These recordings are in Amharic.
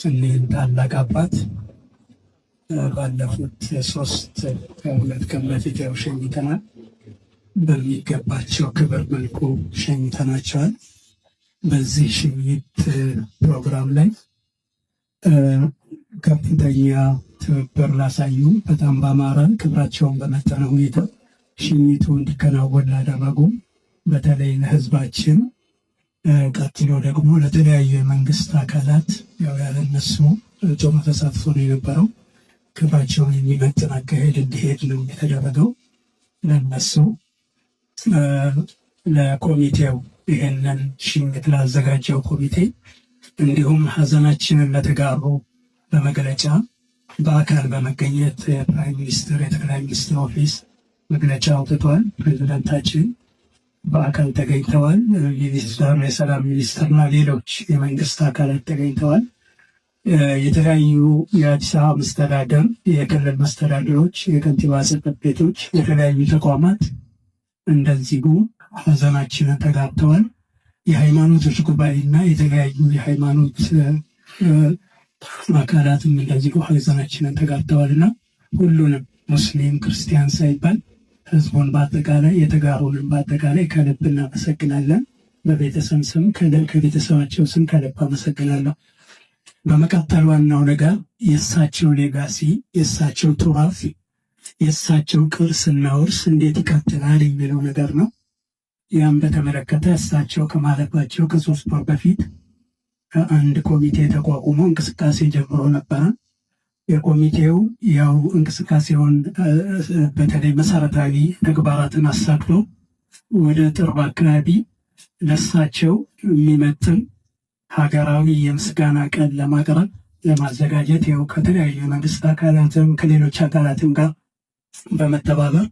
ትልህን ታላቅ አባት ባለፉት ሶስት ከሁለት ቀን በፊት ያው ሸኝተናል። በሚገባቸው ክብር መልኩ ሸኝተናቸዋል። በዚህ ሽኝት ፕሮግራም ላይ ከፍተኛ ትብብር ላሳዩ በጣም በአማረ ክብራቸውን በመጠነ ሁኔታ ሽኝቱ እንዲከናወን ላደረጉ በተለይ ለህዝባችን ቀጥሎ ደግሞ ለተለያዩ የመንግስት አካላት ያው ያለነሱ ጮማ ተሳትፎ ነው የነበረው። ክብራቸውን የሚመጥን አካሄድ እንዲሄድ ነው የተደረገው። ለነሱ ለኮሚቴው፣ ይህንን ሽኝት ላዘጋጀው ኮሚቴ እንዲሁም ሀዘናችንን ለተጋሩ በመግለጫ በአካል በመገኘት የፕራይም ሚኒስትር የጠቅላይ ሚኒስትር ኦፊስ መግለጫ አውጥቷል ፕሬዚደንታችን በአካል ተገኝተዋል። የሰላም ሚኒስትርና ሌሎች የመንግስት አካላት ተገኝተዋል። የተለያዩ የአዲስ አበባ መስተዳደር፣ የክልል መስተዳደሮች፣ የከንቲባ ጽሕፈት ቤቶች፣ የተለያዩ ተቋማት እንደዚሁ ሀዘናችንን ተጋብተዋል። የሃይማኖቶች እና የተለያዩ የሃይማኖት አካላትም እንደዚሁ ሀዘናችንን እና ሁሉንም ሙስሊም ክርስቲያን ሳይባል ህዝቡን በአጠቃላይ የተጋሩልን በአጠቃላይ ከልብ እናመሰግናለን። በቤተሰብ ስም ከቤተሰባቸው ስም ከልብ አመሰግናለሁ። በመቀጠል ዋናው ነገር የእሳቸው ሌጋሲ የእሳቸው ቱራፍ የእሳቸው ቅርስና ውርስ እንዴት ይቀጥላል የሚለው ነገር ነው። ያም በተመለከተ እሳቸው ከማለፋቸው ከሶስት ወር በፊት አንድ ኮሚቴ ተቋቁሞ እንቅስቃሴ ጀምሮ ነበረን። የኮሚቴው ያው እንቅስቃሴውን በተለይ መሰረታዊ ተግባራትን አሳክቶ ወደ ጥርብ አካባቢ ለሳቸው የሚመጥን ሀገራዊ የምስጋና ቀን ለማቅረብ ለማዘጋጀት ያው ከተለያዩ መንግስት አካላትም ከሌሎች አካላትም ጋር በመተባበር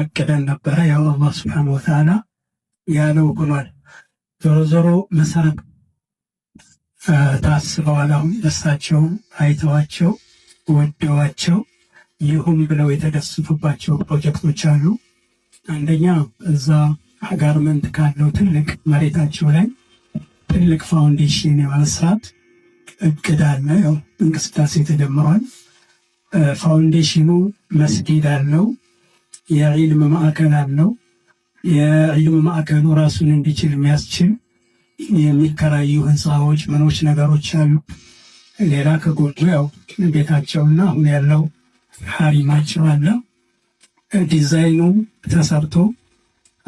አቅደን ነበረ። ያው አላህ ስብሐነ ወተዓላ ያለው ብሏል። ዞሮ ዞሮ መሰረት ታስበዋል። አሁን ለሳቸው አይተዋቸው ወደዋቸው ይሁን ብለው የተደሰቱባቸው ፕሮጀክቶች አሉ። አንደኛ እዛ ጋርመንት ካለው ትልቅ መሬታቸው ላይ ትልቅ ፋውንዴሽን የመስራት እቅድ አለ። ያው እንቅስቃሴ ተጀምሯል። ፋውንዴሽኑ መስጊድ አለው፣ የዒልም ማዕከል አለው። የዒልም ማዕከሉ ራሱን እንዲችል የሚያስችል የሚከራዩ ህንፃዎች፣ ምኖች ነገሮች አሉ። ሌላ ከጎኑ ያው ቤታቸውና አሁን ያለው ሀሪማቸው አለው። ዲዛይኑ ተሰርቶ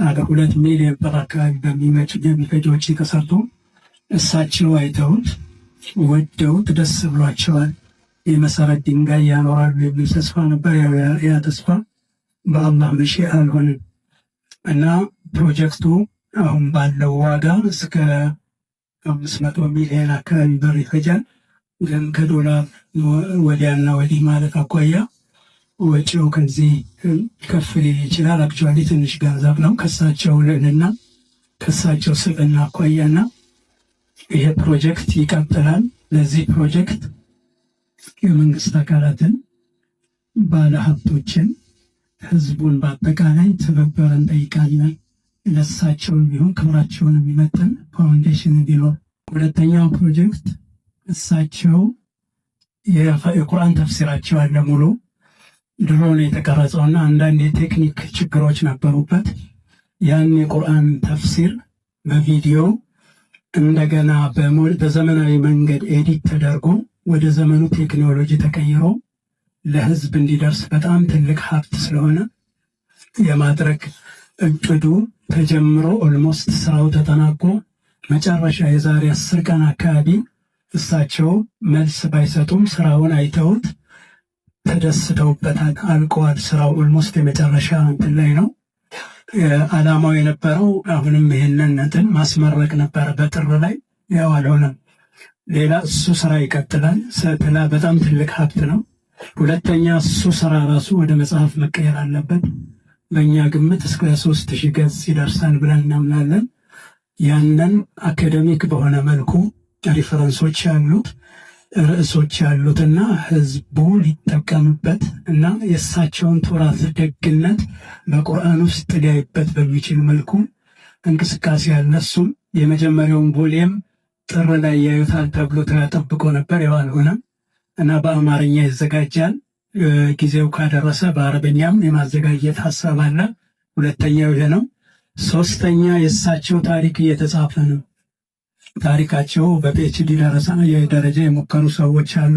አገ ሁለት ሚሊዮን ብር አካባቢ በሚመጭ በሚፈጅ ወጪ ተሰርቶ እሳቸው አይተውት ወደውት ደስ ብሏቸዋል። የመሰረት ድንጋይ ያኖራሉ የሚል ተስፋ ነበር። ያ ተስፋ በአላህ መቼ አልሆንም እና ፕሮጀክቱ አሁን ባለው ዋጋ እስከ አምስት መቶ ሚሊዮን አካባቢ ብር ይፈጃል። ግን ከዶላር ወዲያና ወዲህ ማለት አኳያ ወጪው ከዚህ ከፍ ሊል ይችላል። አክቹዋሊ ትንሽ ገንዘብ ነው ከሳቸው ልዕልና ከሳቸው ስብዕና አኳያና ይሄ ፕሮጀክት ይቀጥላል። ለዚህ ፕሮጀክት የመንግስት አካላትን፣ ባለሀብቶችን፣ ህዝቡን በአጠቃላይ ትብብር እንጠይቃለን። ለሳቸውን ቢሆን ክብራቸውን የሚመጥን ፋውንዴሽን እንዲኖር ሁለተኛው ፕሮጀክት እሳቸው የቁርአን ተፍሲራቸው አለ ሙሉ ድሮ ነው እና አንዳንድ የቴክኒክ ችግሮች ነበሩበት። ያን የቁርአን ተፍሲር በቪዲዮ እንደገና በዘመናዊ መንገድ ኤዲት ተደርጎ ወደ ዘመኑ ቴክኖሎጂ ተቀይሮ ለህዝብ እንዲደርስ በጣም ትልቅ ሀብት ስለሆነ የማድረግ እቅዱ ተጀምሮ ኦልሞስት ስራው ተጠናቆ መጨረሻ የዛሬ አስር ቀን አካባቢ እሳቸው መልስ ባይሰጡም ስራውን አይተውት ተደስተውበታል። አልቀዋል። ስራው ኦልሞስት የመጨረሻ እንትን ላይ ነው። አላማው የነበረው አሁንም ይህንን እንትን ማስመረቅ ነበረ በጥር ላይ ያው አልሆነም። ሌላ እሱ ስራ ይቀጥላል። ጥላ በጣም ትልቅ ሀብት ነው። ሁለተኛ እሱ ስራ ራሱ ወደ መጽሐፍ መቀየር አለበት። በእኛ ግምት እስከ ሶስት ሺህ ገጽ ይደርሳል ብለን እናምናለን። ያንን አካደሚክ በሆነ መልኩ ሪፈረንሶች ያሉት ርዕሶች ያሉትና ህዝቡ ሊጠቀምበት እና የእሳቸውን ቶራት ደግነት በቁርአን ውስጥ ሊያይበት በሚችል መልኩ እንቅስቃሴ ያልነሱም የመጀመሪያውን ቮሊየም ጥር ላይ ያዩታል ተብሎ ተጠብቆ ነበር። ያው አልሆነም እና በአማርኛ ይዘጋጃል። ጊዜው ካደረሰ በአረበኛም የማዘጋጀት ሀሳብ አለ። ሁለተኛው ይሄ ነው። ሶስተኛ የእሳቸው ታሪክ እየተጻፈ ነው። ታሪካቸው በፒኤችዲ ደረሳ ደረጃ የሞከሩ ሰዎች አሉ።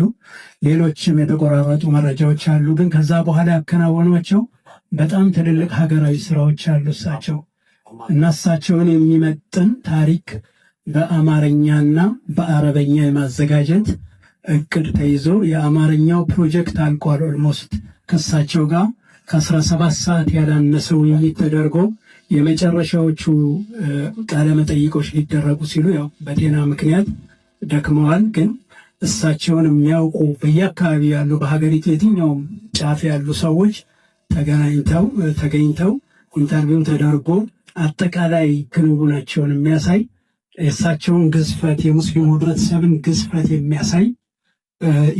ሌሎችም የተቆራረጡ መረጃዎች አሉ። ግን ከዛ በኋላ ያከናወኗቸው በጣም ትልልቅ ሀገራዊ ስራዎች አሉ። እሳቸው እና እሳቸውን የሚመጥን ታሪክ በአማርኛና በአረበኛ የማዘጋጀት እቅድ ተይዞ የአማርኛው ፕሮጀክት አልቋል። ኦልሞስት ከእሳቸው ጋር ከአስራ ሰባት ሰዓት ያላነሰ ውይይት ተደርጎ የመጨረሻዎቹ ቃለ መጠይቆች ሊደረጉ ሲሉ ያው በጤና ምክንያት ደክመዋል። ግን እሳቸውን የሚያውቁ በየአካባቢ ያሉ በሀገሪቱ የትኛውም ጫፍ ያሉ ሰዎች ተገናኝተው ተገኝተው ኢንተርቪው ተደርጎ አጠቃላይ ክንውናቸውን የሚያሳይ የእሳቸውን ግዝፈት የሙስሊሙ ህብረተሰብን ግዝፈት የሚያሳይ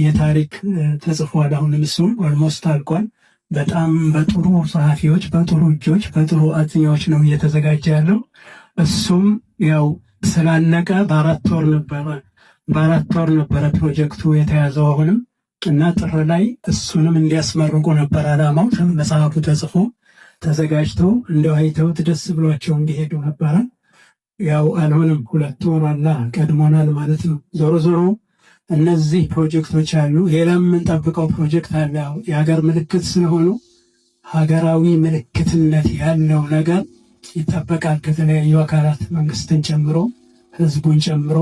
የታሪክ ተጽፏል። አሁን ምስሉ ኦልሞስት አልቋል። በጣም በጥሩ ጸሐፊዎች፣ በጥሩ እጆች፣ በጥሩ አጥኚዎች ነው እየተዘጋጀ ያለው። እሱም ያው ስላለቀ በአራት ወር ነበረ በአራት ወር ነበረ ፕሮጀክቱ የተያዘው አሁንም እና ጥር ላይ እሱንም እንዲያስመርቁ ነበር አላማው መጽሐፉ ተጽፎ ተዘጋጅቶ እንደው አይተውት ደስ ብሏቸው እንዲሄዱ ነበረ። ያው አልሆንም ሁለት ወር አላ ቀድሞናል ማለት ነው ዞሮ ዞሮ እነዚህ ፕሮጀክቶች አሉ። ሌላም የምንጠብቀው ፕሮጀክት አለ። የሀገር ምልክት ስለሆኑ ሀገራዊ ምልክትነት ያለው ነገር ይጠበቃል። ከተለያዩ አካላት መንግስትን ጨምሮ ህዝቡን ጨምሮ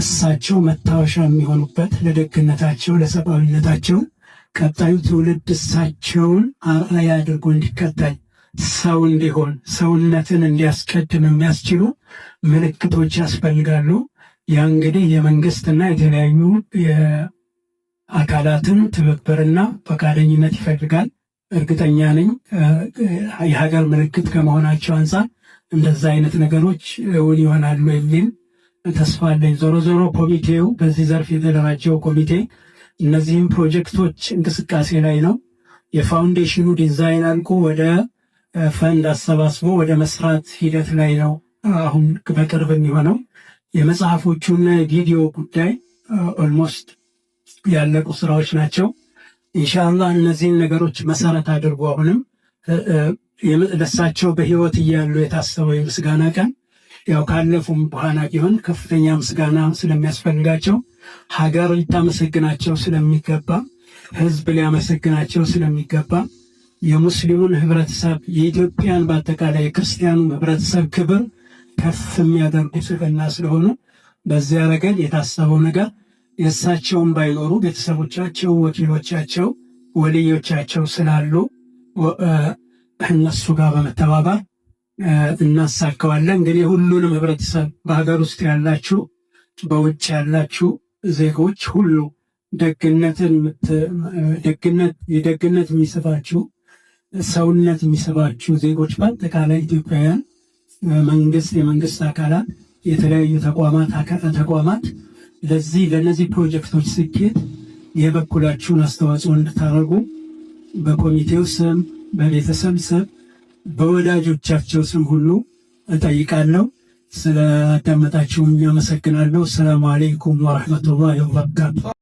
እሳቸው መታወሻ የሚሆኑበት ለደግነታቸው፣ ለሰብአዊነታቸው ቀጣዩ ትውልድ እሳቸውን አርአያ አድርጎ እንዲከተል ሰው እንዲሆን ሰውነትን እንዲያስቀድም የሚያስችሉ ምልክቶች ያስፈልጋሉ። ያ እንግዲህ የመንግስትና የተለያዩ አካላትን ትብብርና ፈቃደኝነት ይፈልጋል። እርግጠኛ ነኝ የሀገር ምልክት ከመሆናቸው አንጻር እንደዛ አይነት ነገሮች እውን ይሆናሉ የሚል ተስፋ አለኝ። ዞሮ ዞሮ ኮሚቴው በዚህ ዘርፍ የተደራጀው ኮሚቴ እነዚህም ፕሮጀክቶች እንቅስቃሴ ላይ ነው። የፋውንዴሽኑ ዲዛይን አልቆ ወደ ፈንድ አሰባስቦ ወደ መስራት ሂደት ላይ ነው አሁን በቅርብ የሚሆነው። የመጽሐፎቹን ቪዲዮ ጉዳይ ኦልሞስት ያለቁ ስራዎች ናቸው። እንሻላ እነዚህን ነገሮች መሰረት አድርጎ አሁንም ለሳቸው በህይወት እያሉ የታሰበው የምስጋና ቀን ያው ካለፉም በኋላ ቢሆን ከፍተኛ ምስጋና ስለሚያስፈልጋቸው፣ ሀገር ሊታመሰግናቸው ስለሚገባ፣ ህዝብ ሊያመሰግናቸው ስለሚገባ የሙስሊሙን ህብረተሰብ የኢትዮጵያን በአጠቃላይ የክርስቲያኑ ህብረተሰብ ክብር ከፍ የሚያደርጉ ስብዕና ስለሆኑ በዚያ ረገድ የታሰበው ነገር የእሳቸውን ባይኖሩ ቤተሰቦቻቸው፣ ወኪሎቻቸው፣ ወልዮቻቸው ስላሉ እነሱ ጋር በመተባበር እናሳከዋለን እንግዲህ ሁሉንም ህብረተሰብ በሀገር ውስጥ ያላችሁ፣ በውጭ ያላችሁ ዜጎች ሁሉ ደግነት የደግነት የሚስባችሁ ሰውነት የሚስባችሁ ዜጎች በአጠቃላይ ኢትዮጵያውያን መንግስት የመንግስት አካላት የተለያዩ ተቋማት ተቋማት ለዚህ ለእነዚህ ፕሮጀክቶች ስኬት የበኩላችሁን አስተዋጽኦ እንድታደርጉ በኮሚቴው ስም በቤተሰብ ስም በወዳጆቻቸው ስም ሁሉ እጠይቃለሁ። ስለ አዳመጣችሁ አመሰግናለሁ። ሰላም አሌይኩም ወረሕመቱላሂ ወበረካቱ።